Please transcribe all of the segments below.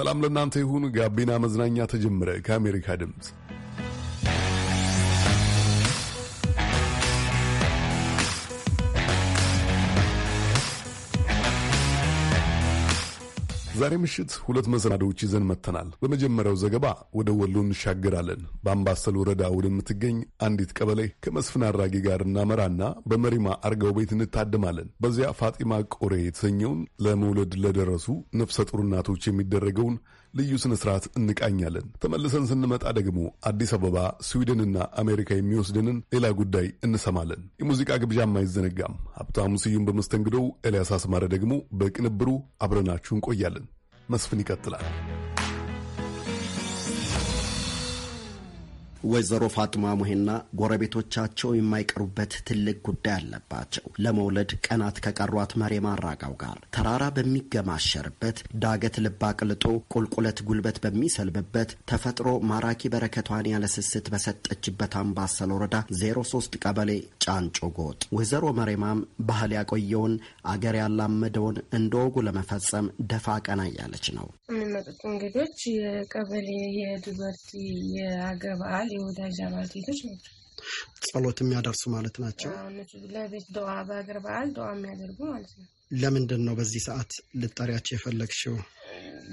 ሰላም ለእናንተ ይሁን። ጋቢና መዝናኛ ተጀምረ ከአሜሪካ ድምፅ ዛሬ ምሽት ሁለት መሰናዶዎች ይዘን መጥተናል። በመጀመሪያው ዘገባ ወደ ወሎ እንሻገራለን። በአምባሰል ወረዳ ወደምትገኝ አንዲት ቀበሌ ከመስፍን አድራጊ ጋር እናመራና በመሪማ አርጋው ቤት እንታደማለን። በዚያ ፋጢማ ቆሬ የተሰኘውን ለመውለድ ለደረሱ ነፍሰ ጡር እናቶች የሚደረገውን ልዩ ስነ ስርዓት እንቃኛለን። ተመልሰን ስንመጣ ደግሞ አዲስ አበባ ስዊድንና አሜሪካ የሚወስድንን ሌላ ጉዳይ እንሰማለን። የሙዚቃ ግብዣም አይዘነጋም። ሀብታሙ ስዩም በመስተንግዶው፣ ኤልያስ አስማረ ደግሞ በቅንብሩ አብረናችሁ እንቆያለን። መስፍን ይቀጥላል። ወይዘሮ ፋጥማ ሙሄና ጎረቤቶቻቸው የማይቀሩበት ትልቅ ጉዳይ አለባቸው። ለመውለድ ቀናት ከቀሯት መሬማ አራጋው ጋር ተራራ በሚገማሸርበት ዳገት ልብ አቅልጦ ቁልቁለት ጉልበት በሚሰልብበት ተፈጥሮ ማራኪ በረከቷን ያለ ስስት በሰጠችበት አምባሰል ወረዳ 03 ቀበሌ ጫንጮ ጎጥ ወይዘሮ መሬማም ባህል ያቆየውን አገር ያላመደውን እንደ ወጉ ለመፈጸም ደፋ ቀና እያለች ነው። የሚመጡት እንግዶች የቀበሌ የድበርቲ የአገ የወዳጅ አባል ቤቶች ናቸው። ጸሎት የሚያደርሱ ማለት ናቸው። ለቤት ዱዓ በሀገር በዓል ዱዓ የሚያደርጉ ማለት ነው። ለምንድን ነው በዚህ ሰዓት ልጠሪያቸው የፈለግሽው?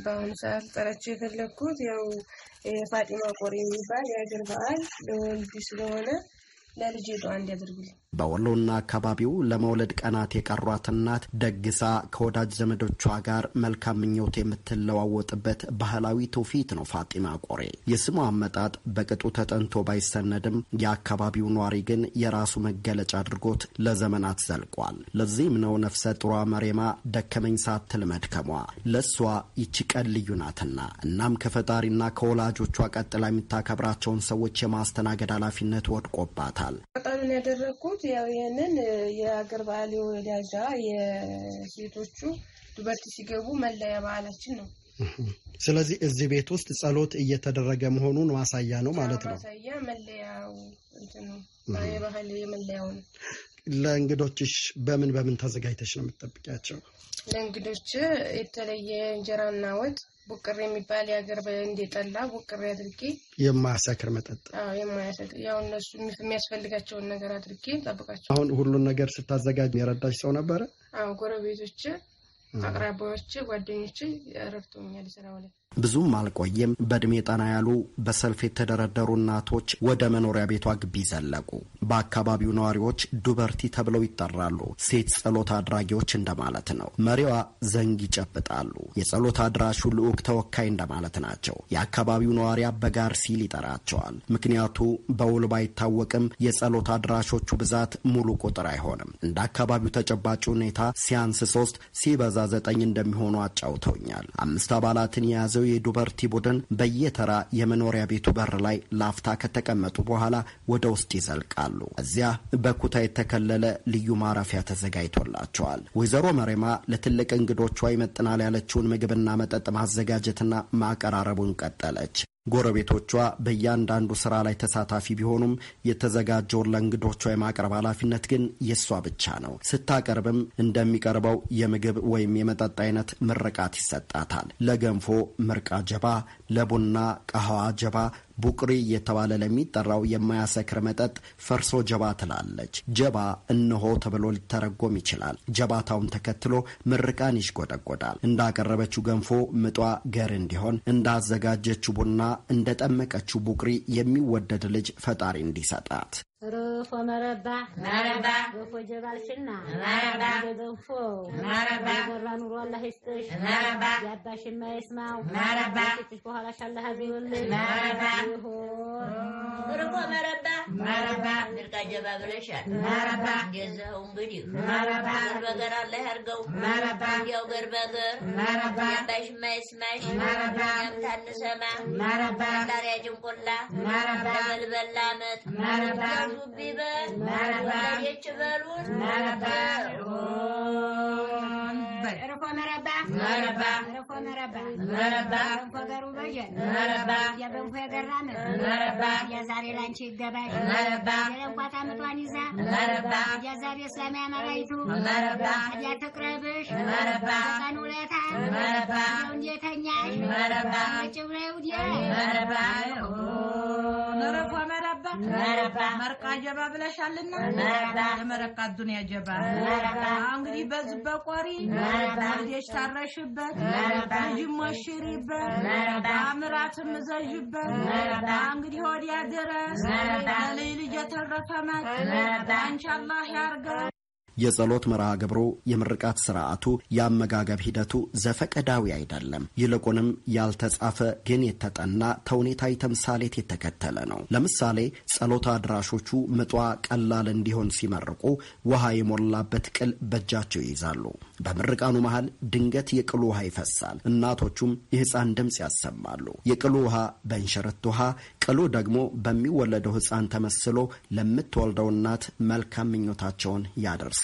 በአሁኑ ሰዓት ልጠሪያቸው የፈለግኩት ያው የፋጢማ ቆሪ የሚባል የሀገር በዓል ለወልድ ስለሆነ ለልጅ ዱዓ እንዲያደርጉልኝ በወሎና አካባቢው ለመውለድ ቀናት የቀሯት እናት ደግሳ ከወዳጅ ዘመዶቿ ጋር መልካም ምኞት የምትለዋወጥበት ባህላዊ ትውፊት ነው ፋጢማ ቆሬ። የስሙ አመጣጥ በቅጡ ተጠንቶ ባይሰነድም የአካባቢው ኗሪ ግን የራሱ መገለጫ አድርጎት ለዘመናት ዘልቋል። ለዚህም ነው ነፍሰ ጥሯ መሬማ ደከመኝ ሳትል መድከሟ። ለእሷ ይቺ ቀን ልዩ ናትና እናም ከፈጣሪና ከወላጆቿ ቀጥላ የምታከብራቸውን ሰዎች የማስተናገድ ኃላፊነት ወድቆባታል። ያደረግኩት ያው ይህንን የአገር ባህል የወዳጃ የሴቶቹ ዱበርቲ ሲገቡ መለያ ባህላችን ነው። ስለዚህ እዚህ ቤት ውስጥ ጸሎት እየተደረገ መሆኑን ማሳያ ነው ማለት ነው። ማሳያ መለያው የባህል የመለያው ነው። ለእንግዶችሽ በምን በምን ተዘጋጅተሽ ነው የምትጠብቂያቸው? ለእንግዶች የተለየ እንጀራና ወጥ ቡቅሬ የሚባል የሀገር እንደጠላ ቡቅሬ አድርጌ የማያሰክር መጠጥ የማያሰክር ያው እነሱ የሚያስፈልጋቸውን ነገር አድርጌ ጠብቃቸው። አሁን ሁሉን ነገር ስታዘጋጅ የረዳች ሰው ነበረ? አዎ ጎረቤቶች፣ አቅራቢዎች፣ ጓደኞች ረድቶኛል ስራው ላይ ብዙም አልቆየም። በእድሜ ጠና ያሉ በሰልፍ የተደረደሩ እናቶች ወደ መኖሪያ ቤቷ ግቢ ዘለቁ። በአካባቢው ነዋሪዎች ዱበርቲ ተብለው ይጠራሉ። ሴት ጸሎት አድራጊዎች እንደማለት ነው። መሪዋ ዘንግ ይጨብጣሉ። የጸሎት አድራሹ ልዑክ ተወካይ እንደማለት ናቸው። የአካባቢው ነዋሪ አበጋር ሲል ይጠራቸዋል። ምክንያቱ በውል ባይታወቅም የጸሎት አድራሾቹ ብዛት ሙሉ ቁጥር አይሆንም። እንደ አካባቢው ተጨባጭ ሁኔታ ሲያንስ ሶስት ሲበዛ ዘጠኝ እንደሚሆኑ አጫውተውኛል። አምስት አባላትን የያዘ የያዘው የዱበርቲ ቡድን በየተራ የመኖሪያ ቤቱ በር ላይ ላፍታ ከተቀመጡ በኋላ ወደ ውስጥ ይዘልቃሉ። እዚያ በኩታ የተከለለ ልዩ ማረፊያ ተዘጋጅቶላቸዋል። ወይዘሮ መሬማ ለትልቅ እንግዶቿ ይመጥናል ያለችውን ምግብና መጠጥ ማዘጋጀትና ማቀራረቡን ቀጠለች። ጎረቤቶቿ በእያንዳንዱ ስራ ላይ ተሳታፊ ቢሆኑም የተዘጋጀውን ለእንግዶቿ የማቅረብ ኃላፊነት ግን የእሷ ብቻ ነው። ስታቀርብም እንደሚቀርበው የምግብ ወይም የመጠጥ አይነት ምርቃት ይሰጣታል። ለገንፎ ምርቃ ጀባ፣ ለቡና ቀህዋ ጀባ ቡቅሪ እየተባለ ለሚጠራው የማያሰክር መጠጥ ፈርሶ ጀባ ትላለች። ጀባ እነሆ ተብሎ ሊተረጎም ይችላል። ጀባታውን ተከትሎ ምርቃን ይሽጎደጎዳል። እንዳቀረበችው ገንፎ ምጧ ገር እንዲሆን፣ እንዳዘጋጀችው ቡና፣ እንደጠመቀችው ቡቅሪ የሚወደድ ልጅ ፈጣሪ እንዲሰጣት ርፎ መረባ መረባ ገፎ ጀባልሽና መረባ ገገንፎ መረባ የጎራ ኑሮ አላህ ይስጥሽ መረባ ያባሽ የማይስማው መረባ ስትሽ በኋላሽ አላህ አዝይውልሽ መረባ ይሁን ርፎ መረባ መረባ ምርቃ ጀባ ብለሻል መረባ እንደዚያው እንግዲህ መረባ ገርበገር አላህ ያርገው መረባ ያው ገርበገር መረባ ያባሽ የማይስማሽ መረባ ያምታንሰማ መረባ ጣሪያ ጭንቁላ መረባ በልበላ አመት መረባ ያዙብ ይበል ወለደች በሉት ረኮ መረባ መረባ ረኮ መረባ መረባ ረኮ ገሩ በጀን መረባ የበንኮ የገራመ መረባ የዛሬ ላንቺ ይገባል መረባ የለንቋት አመቷን ይዛ መረባ የዛሬ እስላማዊ አማራይቱ መረባ ያተቅረብሽ መረባ ቀን ውለታ መረባ እንዴተኛሽ መረባ ጭብረ ውድየ መረባ መረቆ መረባ መረባ መርቃ ጀባ ብለሻልና መረባ ለመረቃ ዱንያ ጀባ እንግዲህ በዚህ በቆሪ ልጅ ታረሽበት ልጅ ሞሽሪበት አምራትም ዘዥበት እንግዲህ ወዲያ ድረስ ልጅ ልጅ የተረፈመት አንቺ አላህ ያርገ የጸሎት መርሃ ግብሩ፣ የምርቃት ስርዓቱ፣ የአመጋገብ ሂደቱ ዘፈቀዳዊ አይደለም። ይልቁንም ያልተጻፈ ግን የተጠና ተውኔታዊ ተምሳሌት የተከተለ ነው። ለምሳሌ ጸሎት አድራሾቹ ምጧ ቀላል እንዲሆን ሲመርቁ ውሃ የሞላበት ቅል በእጃቸው ይይዛሉ። በምርቃኑ መሃል ድንገት የቅሉ ውሃ ይፈሳል። እናቶቹም የሕፃን ድምፅ ያሰማሉ። የቅሉ ውሃ በእንሸረት ውሃ፣ ቅሉ ደግሞ በሚወለደው ሕፃን ተመስሎ ለምትወልደው እናት መልካም ምኞታቸውን ያደርሳል።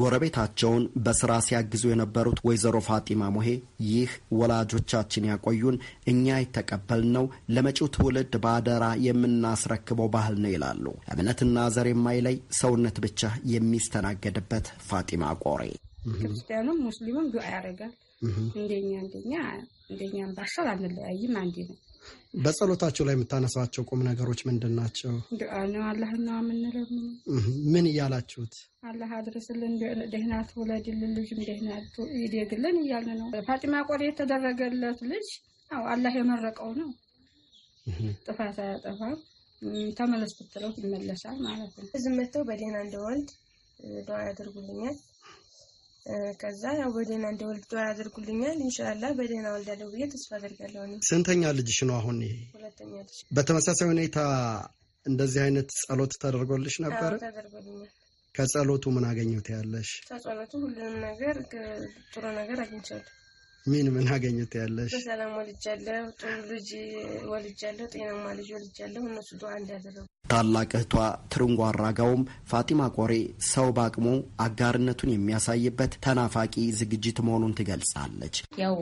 ጎረቤታቸውን በስራ ሲያግዙ የነበሩት ወይዘሮ ፋጢማ ሙሄ ይህ ወላጆቻችን ያቆዩን እኛ የተቀበልነው ለመጪው ትውልድ በአደራ የምናስረክበው ባህል ነው ይላሉ። እምነትና ዘር የማይለይ ሰውነት ብቻ የሚስተናገድበት ፋጢማ ቆሬ ክርስቲያኑም ሙስሊሙም ዱዓ ያደርጋል። እንደኛ እንደኛ እንደኛ ባሻል አንለያይም አንዴ ነው በጸሎታቸው ላይ የምታነሳቸው ቁም ነገሮች ምንድን ናቸው? አላህና ምንለው ምን እያላችሁት አላህ አድርስልን፣ ደህና ትውለድልን፣ ልጅ ደህና ይደግልን እያል ነው። ፋጢማ ቆሬ የተደረገለት ልጅ አዎ አላህ የመረቀው ነው። ጥፋት አያጠፋም። ተመለስ ብትለው ይመለሳል ማለት ነው። ዝም በደህና እንደወልድ ዱዓ ያደርጉልኛል። ከዛ ያው በደህና እንደወልድ ዱዓ ያደርጉልኛል። እንሻላ በደህና ወልዳለሁ ብዬ ተስፋ አደርጋለሁ። ስንተኛ ልጅሽ ነው አሁን? ይሄ ሁለተኛ ልጅ። በተመሳሳይ ሁኔታ እንደዚህ አይነት ጸሎት ተደርጎልሽ ነበር? ተደርጎልኛል። ከጸሎቱ ምን አገኘሁት ያለሽ? ከጸሎቱ ሁሉንም ነገር ጥሩ ነገር አግኝቻለሁ። ምን ምን አገኘት ያለሽ? በሰላም ወልጃለሁ። ጥሩ ልጅ ወልጃለሁ። ጤናማ ልጅ ወልጃለሁ። እነሱ ዱዓ እንዲያደረጉ ታላቅ እህቷ ትርንጎ አራጋውም ፋጢማ ቆሬ ሰው በአቅሙ አጋርነቱን የሚያሳይበት ተናፋቂ ዝግጅት መሆኑን ትገልጻለች። ያው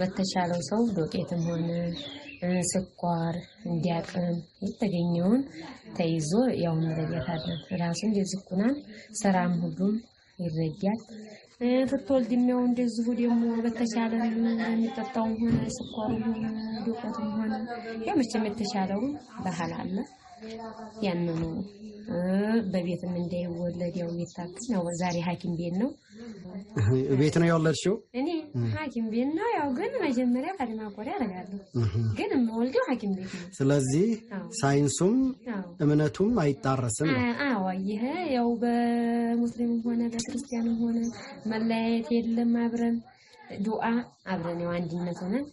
በተቻለው ሰው ዶቄትም ሆነ ስኳር እንዲያቅም የተገኘውን ተይዞ ያው እንረዳታለን። ራሱ እንደዝኩናን ስራም ሁሉም ይረዳል። ስትወልድ የሚያው እንደዚሁ ደግሞ በተሻለ የሚጠጣው ሆነ ስኳሩም ሆነ ዱቄቱም ሆነ ያው መቼም የተሻለውን ባህል አለ ያንኑ በቤትም እንዳይወለድ ያው የሚታክስ ነው። ዛሬ ሐኪም ቤት ነው ቤት ነው የወለድሽው? እኔ ሐኪም ቤት ነው ያው ግን መጀመሪያ ፈርማቆሪ አደርጋለሁ ግን የምወልደው ሐኪም ቤት ነው። ስለዚህ ሳይንሱም እምነቱም አይጣረስም። አዎ ይሄ ያው በሙስሊምም ሆነ በክርስቲያንም ሆነ መለያየት የለም። አብረን ዱአ አብረን ያው አንድነት ሆነን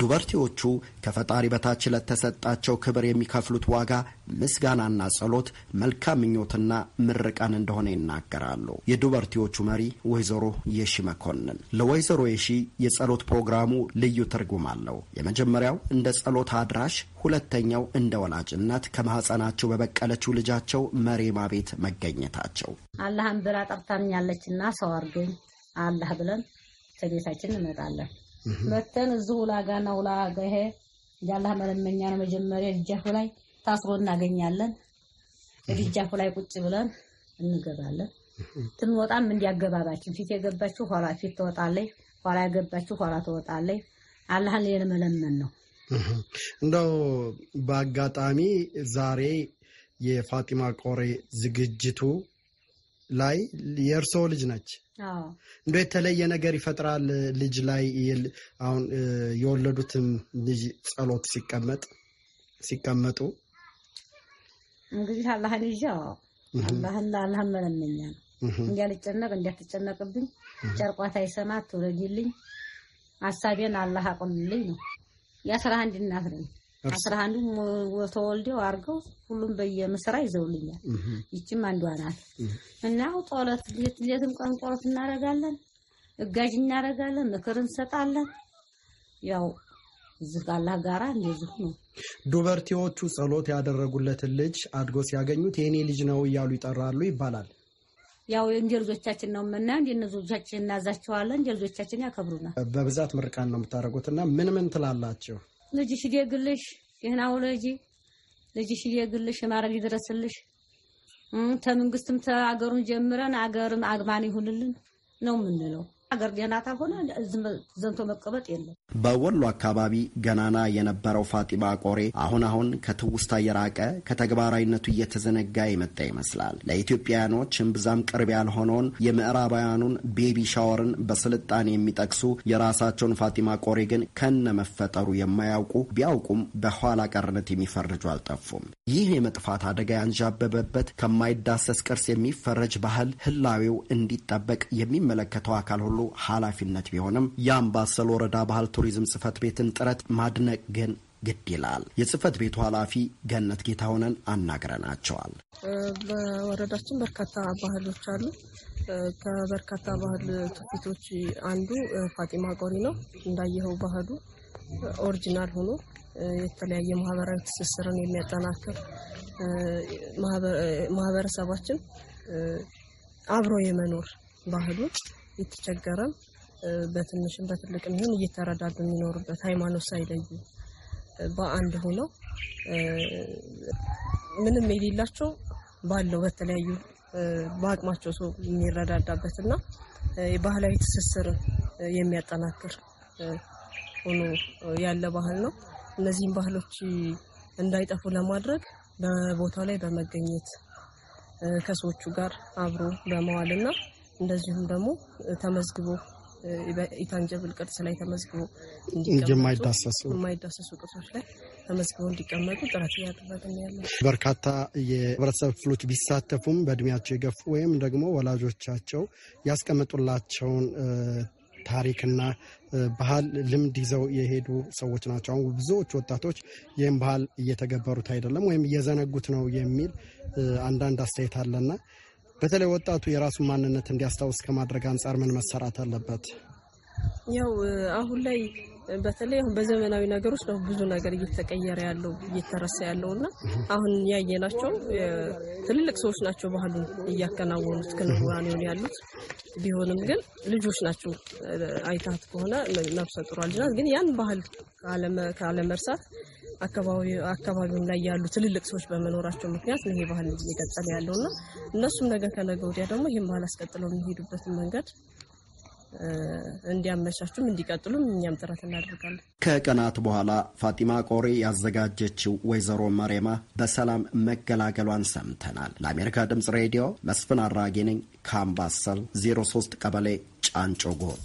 ዱበርቲዎቹ ከፈጣሪ በታች ለተሰጣቸው ክብር የሚከፍሉት ዋጋ ምስጋናና ጸሎት፣ መልካም ምኞትና ምርቃን እንደሆነ ይናገራሉ። የዱበርቲዎቹ መሪ ወይዘሮ የሺ መኮንን ለወይዘሮ የሺ የጸሎት ፕሮግራሙ ልዩ ትርጉም አለው። የመጀመሪያው እንደ ጸሎት አድራሽ፣ ሁለተኛው እንደ ወላጅነት ከማህፀናቸው በበቀለችው ልጃቸው መሬማ ቤት መገኘታቸው አላህን ብላ ጠፍታምኛለችና ሰው አርገኝ አላህ ብለን ከቤታችን እንመጣለን። መተን እዚሁ ላጋና ውላ ገሄ ያላህ መለመኛ ነው። መጀመሪያ ድጃፉ ላይ ታስሮ እናገኛለን። ድጃፉ ላይ ቁጭ ብለን እንገባለን። ትንወጣም እንዲያገባባችን ፊት የገባችሁ ኋላ ፊት ትወጣለች፣ ኋላ የገባችሁ ኋላ ትወጣለች። አላህን የመለመን ነው። እንደው በአጋጣሚ ዛሬ የፋጢማ ቆሬ ዝግጅቱ ላይ የእርሶ ልጅ ነች። እንደ የተለየ ነገር ይፈጥራል ልጅ ላይ አሁን የወለዱትም ልጅ ጸሎት ሲቀመጥ ሲቀመጡ እንግዲህ አላህን ይዤው አላህን ለአላህን መለመኛ ነው እንዲያልጨነቅ እንዲያትጨነቅብኝ ጨርቋት አይሰማት ትውለድልኝ አሳቤን አላህ አቁልልኝ ነው የአስራ አንድ እናት ነኝ። አስራ አንዱም ተወልደው አድርገው ሁሉም በየምስራ ይዘውልኛል። ይችም አንዷ ናት እና ጦለት ሌትም ቀን ጦለት እናደርጋለን፣ እጋጅ እናደርጋለን፣ ምክር እንሰጣለን። ያው እዚህ አላህ ጋራ እንደዚሁ ነው። ዱበርቲዎቹ ጸሎት ያደረጉለትን ልጅ አድጎ ሲያገኙት የእኔ ልጅ ነው እያሉ ይጠራሉ ይባላል። ያው እንደ ልጆቻችን ነው ምና እንደ ልጆቻችን እናዛቸዋለን። እንደ ልጆቻችን ያከብሩናል። በብዛት ምርቃን ነው የምታደርጉትና ምን ምን ትላላቸው? ልጅሽ ይደግልሽ፣ ደህና ውለጂ፣ ልጅሽ ይደግልሽ፣ ማረግ ይድረስልሽ። ተመንግስትም ተአገሩን ጀምረን አገርም አግማን ይሁንልን ነው የምንለው። ሀገር ገና ሆነ ዘንቶ መቀመጥ የለም። በወሎ አካባቢ ገናና የነበረው ፋጢማ ቆሬ አሁን አሁን ከትውስታ የራቀ ከተግባራዊነቱ እየተዘነጋ የመጣ ይመስላል። ለኢትዮጵያውያኖች እምብዛም ቅርብ ያልሆነውን የምዕራባውያኑን ቤቢ ሻወርን በስልጣኔ የሚጠቅሱ የራሳቸውን ፋጢማ ቆሬ ግን ከነ መፈጠሩ የማያውቁ ቢያውቁም በኋላ ቀርነት የሚፈርጁ አልጠፉም። ይህ የመጥፋት አደጋ ያንዣበበበት ከማይዳሰስ ቅርስ የሚፈረጅ ባህል ህላዌው እንዲጠበቅ የሚመለከተው አካል ሁሉ ሁሉ ኃላፊነት ቢሆንም የአምባሰል ወረዳ ባህል ቱሪዝም ጽህፈት ቤትን ጥረት ማድነቅ ግን ግድ ይላል። የጽህፈት ቤቱ ኃላፊ ገነት ሆነን አናግረናቸዋል። በወረዳችን በርካታ ባህሎች አሉ። ከበርካታ ባህል ትውፊቶች አንዱ ፋጢማ ቆሪ ነው። እንዳየኸው ባህሉ ኦሪጂናል ሆኖ የተለያየ ማህበራዊ ትስስርን የሚያጠናክር ማህበረሰባችን አብሮ የመኖር ባህሉን የተቸገረም በትንሽም በትልቅም ይሁን እየተረዳዱ የሚኖሩበት ሃይማኖት ሳይለዩ በአንድ ሆነው ምንም የሌላቸው ባለው በተለያዩ በአቅማቸው ሰው የሚረዳዳበት እና ባህላዊ ትስስር የሚያጠናክር ሆኖ ያለ ባህል ነው። እነዚህም ባህሎች እንዳይጠፉ ለማድረግ በቦታው ላይ በመገኘት ከሰዎቹ ጋር አብሮ በመዋልና እንደዚሁም ደግሞ ተመዝግቦ ኢታንጀብል ቅርስ ላይ ተመዝግቦ የማይዳሰሱ ቅርሶች ላይ ተመዝግበው እንዲቀመጡ ጥረት እያደረግን ያለ በርካታ የህብረተሰብ ክፍሎች ቢሳተፉም በእድሜያቸው የገፉ ወይም ደግሞ ወላጆቻቸው ያስቀመጡላቸውን ታሪክና ባህል ልምድ ይዘው የሄዱ ሰዎች ናቸው። አሁን ብዙዎች ወጣቶች ይህም ባህል እየተገበሩት አይደለም ወይም እየዘነጉት ነው የሚል አንዳንድ አስተያየት አለና በተለይ ወጣቱ የራሱን ማንነት እንዲያስታውስ ከማድረግ አንጻር ምን መሰራት አለበት? ያው አሁን ላይ በተለይ አሁን በዘመናዊ ነገር ውስጥ ነው ብዙ ነገር እየተቀየረ ያለው እየተረሳ ያለው እና አሁን ያየናቸው ትልልቅ ሰዎች ናቸው ባህሉን እያከናወኑት ክንዋኔውን ያሉት ቢሆንም ግን ልጆች ናቸው። አይታት ከሆነ ነፍሰ ጡር ግን ያን ባህል ካለመርሳት አካባቢውን ላይ ያሉ ትልልቅ ሰዎች በመኖራቸው ምክንያት ይሄ ባህል እየቀጠለ ያለው እና እነሱም ነገ ከነገ ወዲያ ደግሞ ይህም ባህል አስቀጥለው የሚሄዱበትን መንገድ እንዲያመቻቹም እንዲቀጥሉም እኛም ጥረት እናደርጋለን። ከቀናት በኋላ ፋጢማ ቆሬ ያዘጋጀችው ወይዘሮ መሬማ በሰላም መገላገሏን ሰምተናል። ለአሜሪካ ድምፅ ሬዲዮ መስፍን አራጌ ነኝ ከአምባሰል 03 ቀበሌ ጫንጮ ጎጥ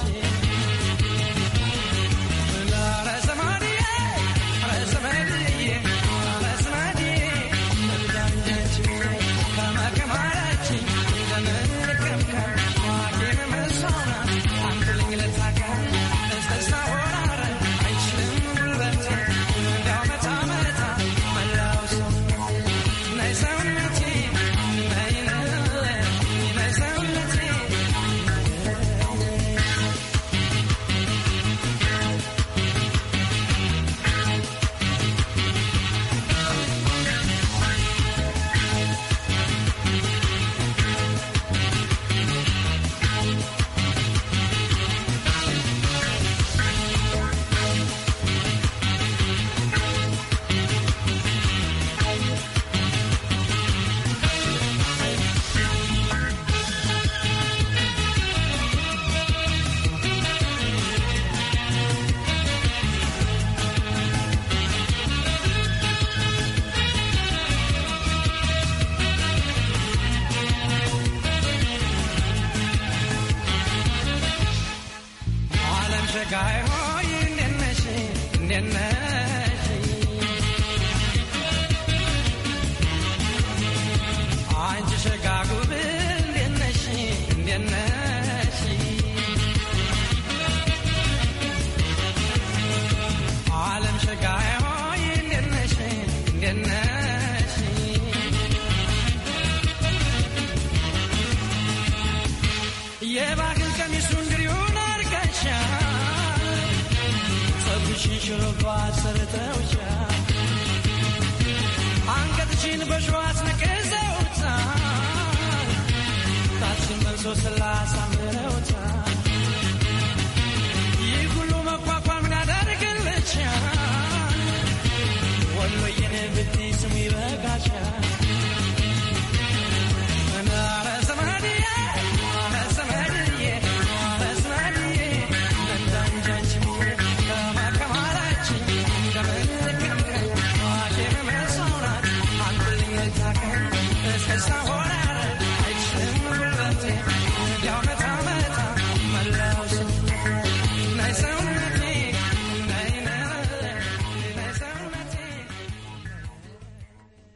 I'm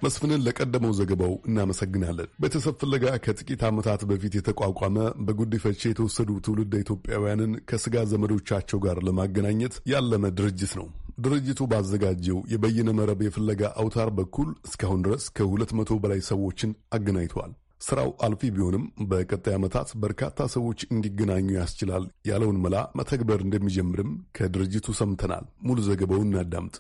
መስፍንን ለቀደመው ዘገባው እናመሰግናለን። ቤተሰብ ፍለጋ ከጥቂት ዓመታት በፊት የተቋቋመ በጉዲፈቻ የተወሰዱ ትውልደ ኢትዮጵያውያንን ከስጋ ዘመዶቻቸው ጋር ለማገናኘት ያለመ ድርጅት ነው። ድርጅቱ ባዘጋጀው የበይነ መረብ የፍለጋ አውታር በኩል እስካሁን ድረስ ከሁለት መቶ በላይ ሰዎችን አገናኝተዋል። ስራው አልፊ ቢሆንም በቀጣይ ዓመታት በርካታ ሰዎች እንዲገናኙ ያስችላል ያለውን መላ መተግበር እንደሚጀምርም ከድርጅቱ ሰምተናል። ሙሉ ዘገባውን እናዳምጥ።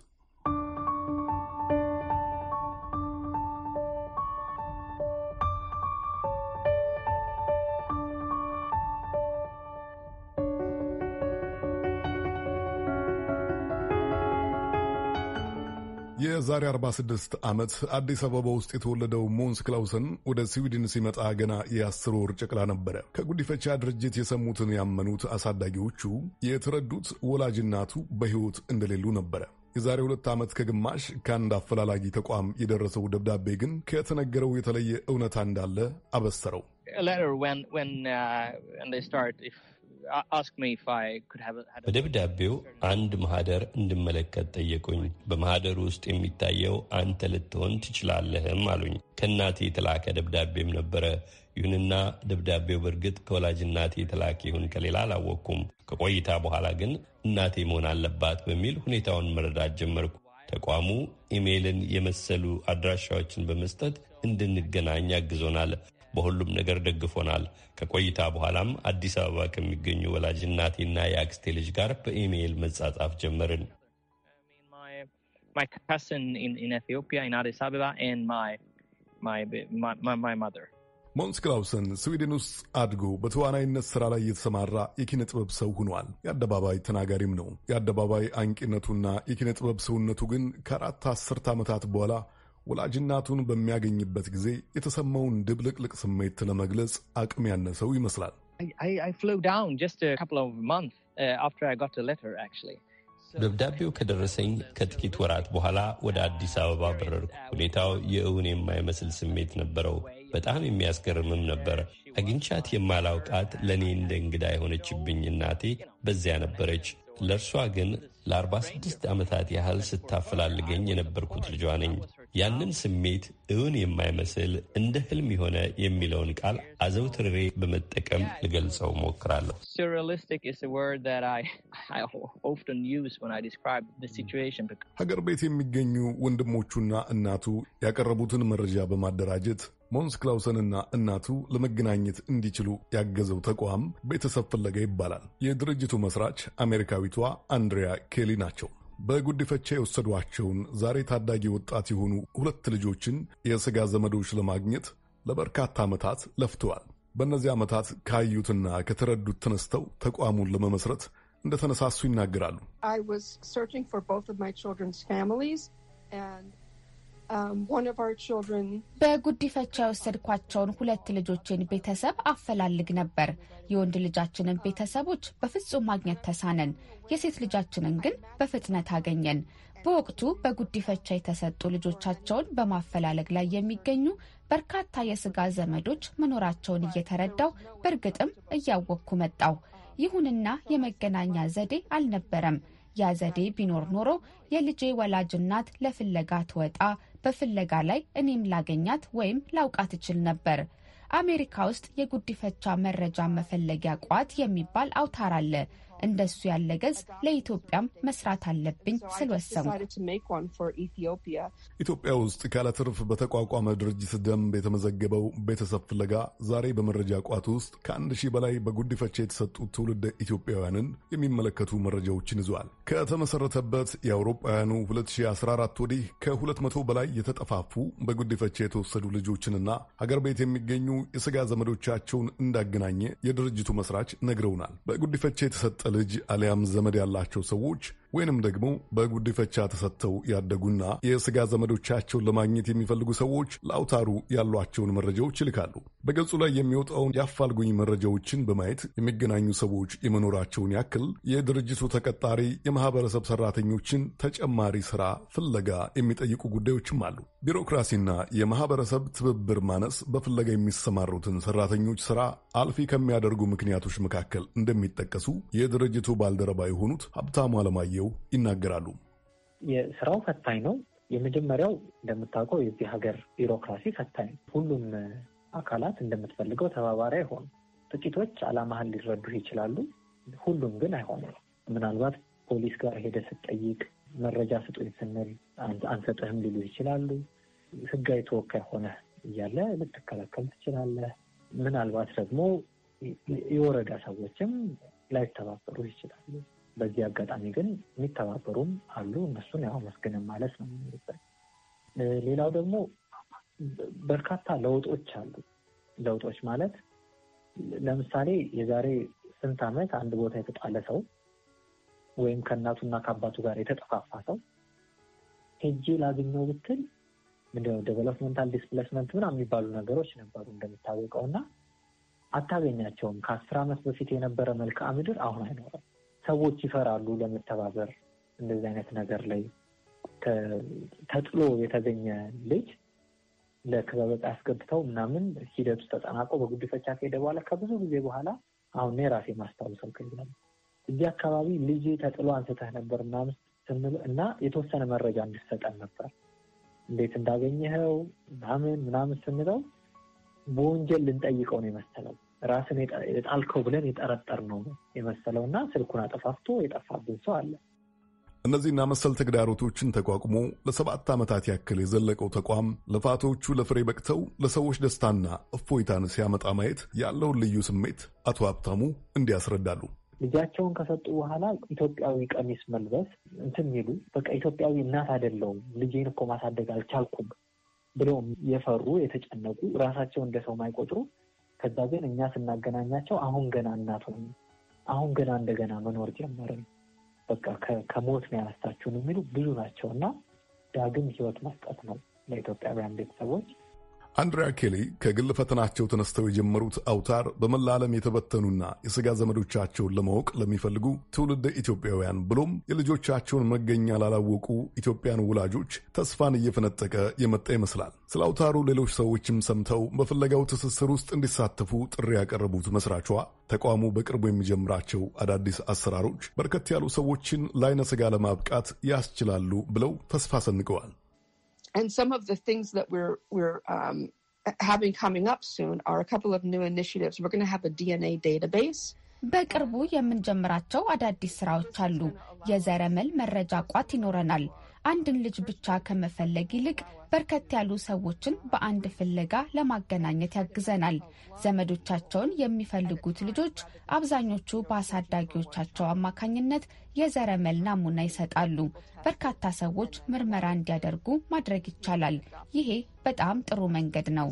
የዛሬ 46 ዓመት አዲስ አበባ ውስጥ የተወለደው ሞንስ ክላውሰን ወደ ስዊድን ሲመጣ ገና የአስር ወር ጨቅላ ነበረ። ከጉዲፈቻ ድርጅት የሰሙትን ያመኑት አሳዳጊዎቹ የተረዱት ወላጅ እናቱ በሕይወት እንደሌሉ ነበረ። የዛሬ ሁለት ዓመት ከግማሽ ከአንድ አፈላላጊ ተቋም የደረሰው ደብዳቤ ግን ከተነገረው የተለየ እውነታ እንዳለ አበሰረው። በደብዳቤው አንድ ማህደር እንድመለከት ጠየቁኝ። በማህደሩ ውስጥ የሚታየው አንተ ልትሆን ትችላለህም አሉኝ። ከእናቴ የተላከ ደብዳቤም ነበረ። ይሁንና ደብዳቤው በእርግጥ ከወላጅ እናቴ የተላከ ይሁን ከሌላ አላወቅኩም። ከቆይታ በኋላ ግን እናቴ መሆን አለባት በሚል ሁኔታውን መረዳት ጀመርኩ። ተቋሙ ኢሜይልን የመሰሉ አድራሻዎችን በመስጠት እንድንገናኝ አግዞናል። በሁሉም ነገር ደግፎናል። ከቆይታ በኋላም አዲስ አበባ ከሚገኙ ወላጅ እናቴና የአክስቴ ልጅ ጋር በኢሜይል መጻጻፍ ጀመርን። ሞንስ ክላውሰን ስዊድን ውስጥ አድጎ በተዋናይነት ሥራ ላይ የተሰማራ የኪነ ጥበብ ሰው ሆኗል። የአደባባይ ተናጋሪም ነው። የአደባባይ አንቂነቱና የኪነ ጥበብ ሰውነቱ ግን ከአራት አስርት ዓመታት በኋላ ወላጅናቱን በሚያገኝበት ጊዜ የተሰማውን ድብልቅልቅ ስሜት ለመግለጽ አቅም ያነሰው ይመስላል። uh, ደብዳቤው ከደረሰኝ ከጥቂት ወራት በኋላ ወደ አዲስ አበባ በረርኩ። ሁኔታው የእውን የማይመስል ስሜት ነበረው። በጣም የሚያስገርምም ነበር። አግኝቻት የማላውቃት ለእኔ እንደ እንግዳ የሆነችብኝ እናቴ በዚያ ነበረች። ለእርሷ ግን ለ46 ዓመታት ያህል ስታፈላልገኝ የነበርኩት ልጇ ነኝ። ያንን ስሜት እውን የማይመስል እንደ ህልም የሆነ የሚለውን ቃል አዘውትሬ በመጠቀም ልገልጸው ሞክራለሁ። ሀገር ቤት የሚገኙ ወንድሞቹና እናቱ ያቀረቡትን መረጃ በማደራጀት ሞንስ ክላውሰንና እናቱ ለመገናኘት እንዲችሉ ያገዘው ተቋም ቤተሰብ ፍለጋ ይባላል። የድርጅቱ መስራች አሜሪካዊቷ አንድሪያ ኬሊ ናቸው። በጉድፈቻ የወሰዷቸውን ዛሬ ታዳጊ ወጣት የሆኑ ሁለት ልጆችን የሥጋ ዘመዶች ለማግኘት ለበርካታ ዓመታት ለፍተዋል። በእነዚህ ዓመታት ካዩትና ከተረዱት ተነስተው ተቋሙን ለመመስረት እንደተነሳሱ ይናገራሉ። Um, በጉዲፈቻ የወሰድኳቸውን ሁለት ልጆችን ቤተሰብ አፈላልግ ነበር። የወንድ ልጃችንን ቤተሰቦች በፍጹም ማግኘት ተሳነን። የሴት ልጃችንን ግን በፍጥነት አገኘን። በወቅቱ በጉዲፈቻ የተሰጡ ልጆቻቸውን በማፈላለግ ላይ የሚገኙ በርካታ የስጋ ዘመዶች መኖራቸውን እየተረዳው በእርግጥም እያወቅኩ መጣው። ይሁንና የመገናኛ ዘዴ አልነበረም። ያ ዘዴ ቢኖር ኖሮ የልጄ ወላጅ እናት ለፍለጋ ትወጣ፣ በፍለጋ ላይ እኔም ላገኛት ወይም ላውቃት እችል ነበር። አሜሪካ ውስጥ የጉዲፈቻ መረጃ መፈለጊያ ቋት የሚባል አውታር አለ። እንደሱ ያለ ገጽ ለኢትዮጵያም መስራት አለብኝ ስል ወሰንኩ። ኢትዮጵያ ውስጥ ካለትርፍ በተቋቋመ ድርጅት ደንብ የተመዘገበው ቤተሰብ ፍለጋ ዛሬ በመረጃ ቋት ውስጥ ከአንድ ሺህ በላይ በጉዲፈቻ የተሰጡ ትውልድ ኢትዮጵያውያንን የሚመለከቱ መረጃዎችን ይዘዋል። ከተመሰረተበት የአውሮፓውያኑ 2014 ወዲህ ከ200 በላይ የተጠፋፉ በጉዲፈቻ የተወሰዱ ልጆችንና ሀገር ቤት የሚገኙ የስጋ ዘመዶቻቸውን እንዳገናኘ የድርጅቱ መስራች ነግረውናል። በጉዲፈቻ የተሰጠ ልጅ አሊያም ዘመድ ያላቸው ሰዎች ወይንም ደግሞ በጉዲፈቻ ተሰጥተው ያደጉና የሥጋ ዘመዶቻቸውን ለማግኘት የሚፈልጉ ሰዎች ለአውታሩ ያሏቸውን መረጃዎች ይልካሉ። በገጹ ላይ የሚወጣውን የአፋልጉኝ መረጃዎችን በማየት የሚገናኙ ሰዎች የመኖራቸውን ያክል የድርጅቱ ተቀጣሪ የማህበረሰብ ሰራተኞችን ተጨማሪ ስራ ፍለጋ የሚጠይቁ ጉዳዮችም አሉ። ቢሮክራሲና የማህበረሰብ ትብብር ማነስ በፍለጋ የሚሰማሩትን ሰራተኞች ስራ አልፊ ከሚያደርጉ ምክንያቶች መካከል እንደሚጠቀሱ የድርጅቱ ባልደረባ የሆኑት ሀብታሙ አለማየሁ ይናገራሉ። የስራው ፈታኝ ነው። የመጀመሪያው እንደምታውቀው የዚህ ሀገር ቢሮክራሲ ፈታኝ፣ ሁሉም አካላት እንደምትፈልገው ተባባሪ አይሆኑ ጥቂቶች ዓላማህን ሊረዱ ይችላሉ፣ ሁሉም ግን አይሆኑ። ምናልባት ፖሊስ ጋር ሄደ ስትጠይቅ መረጃ ስጡኝ ስንል አንሰጥህም ሊሉ ይችላሉ። ህጋዊ ተወካይ ሆነ እያለ ልትከላከል ትችላለህ። ምናልባት ደግሞ የወረዳ ሰዎችም ላይተባበሩ ይችላሉ። በዚህ አጋጣሚ ግን የሚተባበሩም አሉ። እነሱን ያው መስገንም ማለት ነው። ሌላው ደግሞ በርካታ ለውጦች አሉ። ለውጦች ማለት ለምሳሌ የዛሬ ስንት ዓመት አንድ ቦታ የተጣለ ሰው ወይም ከእናቱና ከአባቱ ጋር የተጠፋፋ ሰው ሄጄ ላገኘው ብትል ምንድነው ዴቨሎፕመንታል ዲስፕሌስመንት ምናምን የሚባሉ ነገሮች ነበሩ እንደሚታወቀው እና አታገኛቸውም። ከአስር ዓመት በፊት የነበረ መልክዓ ምድር አሁን አይኖርም። ሰዎች ይፈራሉ ለመተባበር። እንደዚህ አይነት ነገር ላይ ተጥሎ የተገኘ ልጅ ለክበብ ዕጣ ያስገብተው ምናምን ሂደቱ ተጠናቆ በጉድፈቻ ከሄደ በኋላ ከብዙ ጊዜ በኋላ አሁን የራሴ ራሴ ማስታውሰው ከይላል እዚህ አካባቢ ልጅ ተጥሎ አንስተህ ነበር ምናምን ስንል እና የተወሰነ መረጃ እንድሰጠን ነበር እንዴት እንዳገኘኸው ምናምን ምናምን ስንለው በወንጀል ልንጠይቀው ነው የመሰለው ራስን የጣልከው ብለን የጠረጠር ነው የመሰለው እና ስልኩን አጠፋፍቶ የጠፋብን ሰው አለ። እነዚህና መሰል ተግዳሮቶችን ተቋቁሞ ለሰባት ዓመታት ያክል የዘለቀው ተቋም ልፋቶቹ ለፍሬ በቅተው ለሰዎች ደስታና እፎይታን ሲያመጣ ማየት ያለውን ልዩ ስሜት አቶ ሀብታሙ እንዲያስረዳሉ። ልጃቸውን ከሰጡ በኋላ ኢትዮጵያዊ ቀሚስ መልበስ እንትን የሚሉ በቃ ኢትዮጵያዊ እናት አይደለሁም ልጄን እኮ ማሳደግ አልቻልኩም ብለውም የፈሩ የተጨነቁ፣ ራሳቸው እንደ ሰው ማይቆጥሩ ከዛ ግን እኛ ስናገናኛቸው አሁን ገና እናት ሆኑ፣ አሁን ገና እንደገና መኖር ጀመርን በቃ ከሞት ነው ያነሳችሁን የሚሉ ብዙ ናቸው እና ዳግም ህይወት መስጠት ነው ለኢትዮጵያውያን ቤተሰቦች አንድሪያ ኬሊ ከግል ፈተናቸው ተነስተው የጀመሩት አውታር በመላ ዓለም የተበተኑና የሥጋ ዘመዶቻቸውን ለማወቅ ለሚፈልጉ ትውልደ ኢትዮጵያውያን ብሎም የልጆቻቸውን መገኛ ላላወቁ ኢትዮጵያን ወላጆች ተስፋን እየፈነጠቀ የመጣ ይመስላል። ስለ አውታሩ ሌሎች ሰዎችም ሰምተው በፍለጋው ትስስር ውስጥ እንዲሳተፉ ጥሪ ያቀረቡት መስራቿ ተቋሙ በቅርቡ የሚጀምራቸው አዳዲስ አሰራሮች በርከት ያሉ ሰዎችን ለአይነ ሥጋ ለማብቃት ያስችላሉ ብለው ተስፋ ሰንቀዋል። and some of the things that we're we're um, having coming up soon are a couple of new initiatives. We're going to have a DNA database. በቅርቡ የምንጀምራቸው አዳዲስ ስራዎች አሉ። የዘረመል መረጃ ቋት ይኖረናል። አንድን ልጅ ብቻ ከመፈለግ ይልቅ በርከት ያሉ ሰዎችን በአንድ ፍለጋ ለማገናኘት ያግዘናል። ዘመዶቻቸውን የሚፈልጉት ልጆች አብዛኞቹ በአሳዳጊዎቻቸው አማካኝነት የዘረመል ናሙና ይሰጣሉ። በርካታ ሰዎች ምርመራ እንዲያደርጉ ማድረግ ይቻላል። ይሄ በጣም ጥሩ መንገድ ነው።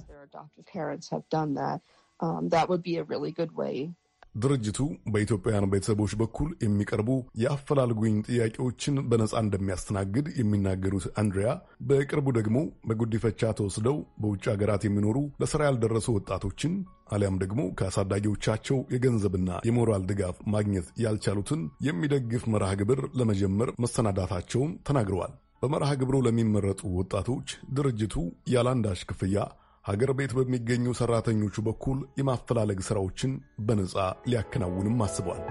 ድርጅቱ በኢትዮጵያውያን ቤተሰቦች በኩል የሚቀርቡ የአፈላልጉኝ ጥያቄዎችን በነፃ እንደሚያስተናግድ የሚናገሩት አንድሪያ በቅርቡ ደግሞ በጉዲፈቻ ተወስደው በውጭ ሀገራት የሚኖሩ ለስራ ያልደረሱ ወጣቶችን አሊያም ደግሞ ከአሳዳጊዎቻቸው የገንዘብና የሞራል ድጋፍ ማግኘት ያልቻሉትን የሚደግፍ መርሃ ግብር ለመጀመር መሰናዳታቸውን ተናግረዋል። በመርሃ ግብሩ ለሚመረጡ ወጣቶች ድርጅቱ ያለአንዳች ክፍያ ሀገር ቤት በሚገኙ ሠራተኞቹ በኩል የማፈላለግ ሥራዎችን በነጻ ሊያከናውንም አስቧል።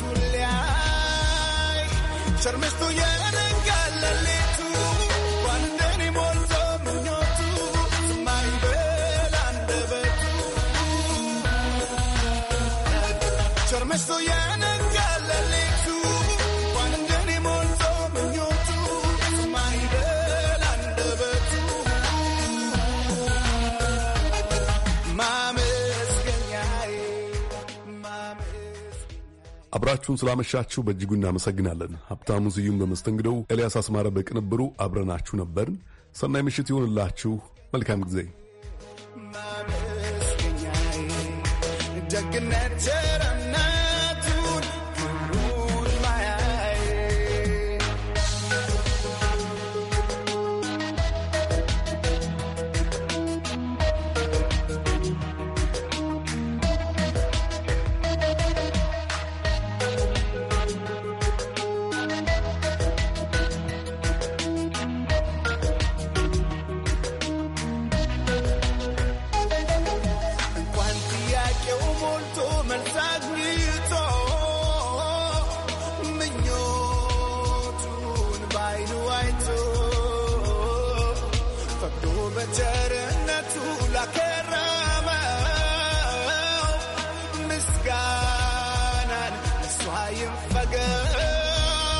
tulai charmestu yenen galalitu wandeni molzo munyotu mai belande betu charmestu አብራችሁን ስላመሻችሁ በእጅጉ እናመሰግናለን። ሀብታሙ ስዩም በመስተንግደው፣ ኤልያስ አስማረ በቅንብሩ አብረናችሁ ነበርን። ሰናይ ምሽት ይሁንላችሁ። መልካም ጊዜ። ደግነት